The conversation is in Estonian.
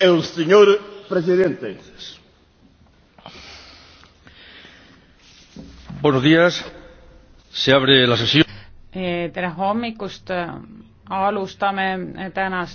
el señor presidente. Buenos días. Se abre la sesión. Eh, tere hommikust, alustame tänast